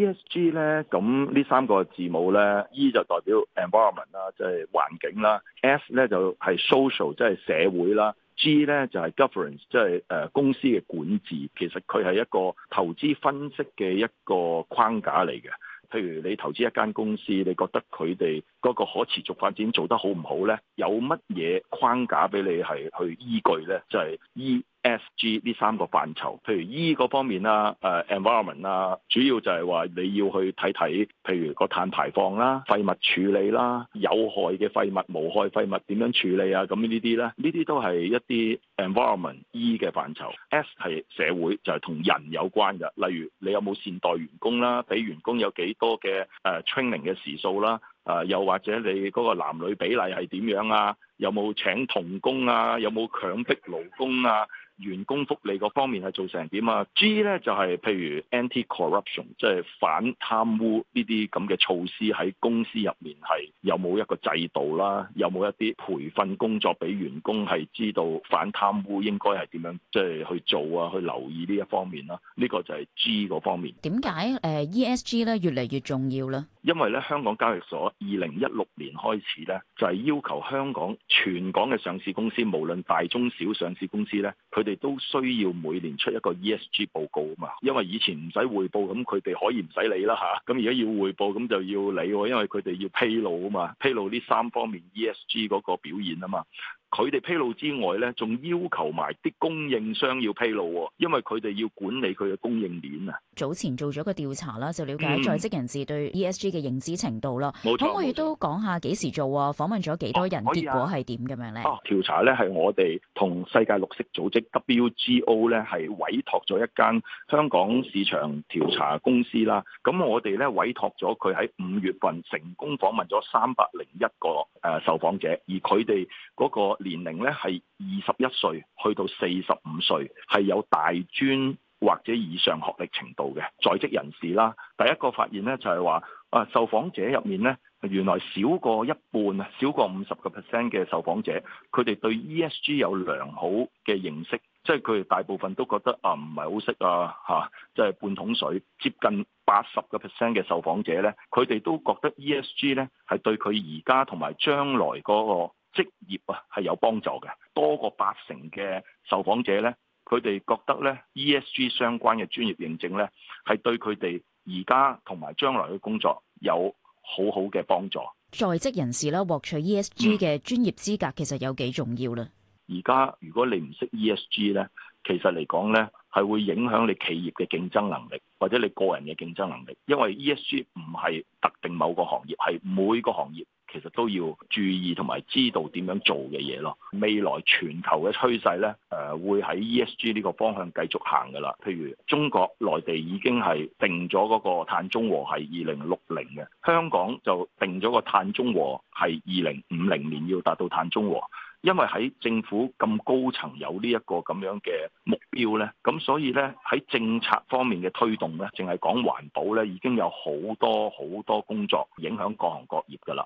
E S G 咧，咁呢三個字母咧，E 就代表 environment 啦，即係環境啦；S 咧就係 social，即係社會啦；G 咧就係 governance，即係誒公司嘅管治。其實佢係一個投資分析嘅一個框架嚟嘅。譬如你投資一間公司，你覺得佢哋嗰個可持續發展做得好唔好咧？有乜嘢框架俾你係去依據咧？就係 E。S、G 呢三個範疇，譬如 E 嗰方面啦，誒 environment 啦，主要就係話你要去睇睇，譬如個碳排放啦、廢物處理啦、有害嘅廢物、無害廢物點樣處理啊，咁呢啲咧，呢啲都係一啲 environment E 嘅範疇。S 係社會，就係同人有關嘅，例如你有冇善待員工啦，俾員工有幾多嘅誒 training 嘅時數啦。啊，又或者你嗰個男女比例係點樣啊？有冇請童工啊？有冇強迫勞工啊？員工福利嗰方面係做成點啊？G 呢就係、係、譬如 anti-corruption，即係反貪污呢啲咁嘅措施喺公司入面係有冇一個制度啦、啊？有冇一啲培訓工作俾員工係知道反貪污應該係點樣即係去做啊？去留意呢一方面啦、啊，呢、呢個就係 G 嗰方面。點解 ESG 咧越嚟越重要呢？因為咧香港交易所，二零一六年開始呢，就係要求香港全港嘅上市公司，無論大中小上市公司呢，佢哋都需要每年出一個 ESG 報告啊嘛。因為以前唔使匯報，咁佢哋可以唔使理啦嚇。咁而家要匯報，咁就要理，因為佢哋要披露啊嘛，披露呢三方面 ESG 嗰個表現啊嘛。佢哋披露之外咧，仲要求埋啲供應商要披露，因為佢哋要管理佢嘅供應鏈。啊。早前做咗個調查啦，就了解在職人士對 ESG 嘅認知程度啦。冇錯、嗯，可唔可以都講下幾時做？訪問咗幾多人？啊啊、結果係點咁樣咧？哦、啊，調查咧係我哋同世界綠色組織 WGO 咧係委託咗一間香港市場調查公司啦。咁我哋咧委託咗佢喺五月份成功訪問咗三百零一個誒受訪者，而佢哋嗰個年齡咧係二十一歲去到四十五歲，係有大專或者以上學歷程度嘅在職人士啦。第一個發現咧就係話，啊，受訪者入面咧，原來少過一半，少過五十個 percent 嘅受訪者，佢哋對 ESG 有良好嘅認識，即係佢哋大部分都覺得啊唔係好識啊嚇，即係半桶水。接近八十個 percent 嘅受訪者咧，佢哋都覺得 ESG 咧係對佢而家同埋將來嗰個職業啊係有幫助嘅，多過八成嘅受訪者呢，佢哋覺得呢 ESG 相關嘅專業認證呢，係對佢哋而家同埋將來嘅工作有好好嘅幫助。在職人士咧，獲取 ESG 嘅專業資格其實有幾重要咧？而家如果你唔識 ESG 呢，其實嚟講呢係會影響你企業嘅競爭能力或者你個人嘅競爭能力，因為 ESG 唔係特定某個行業，係每個行業，其實都要注意同埋知道點樣做嘅嘢咯。未來全球嘅趨勢咧，誒、呃、會喺 ESG 呢個方向繼續行㗎喇。譬如中國內地已經係定咗嗰個碳中和係二零六零嘅，香港就定咗個碳中和係二零五零年要達到碳中和。因為喺政府咁高層有呢一個咁樣嘅目標咧，咁所以咧喺政策方面嘅推動咧，淨係講環保咧，已經有好多好多工作影響各行各業㗎喇。